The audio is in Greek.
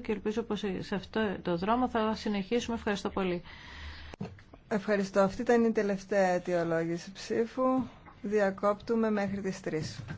και ελπίζω πως σε αυτό το δρόμο θα συνεχίσουμε. Ευχαριστώ πολύ. Ευχαριστώ. Αυτή ήταν η τελευταία αιτιολόγηση ψήφου. Διακόπτουμε μέχρι τις 3.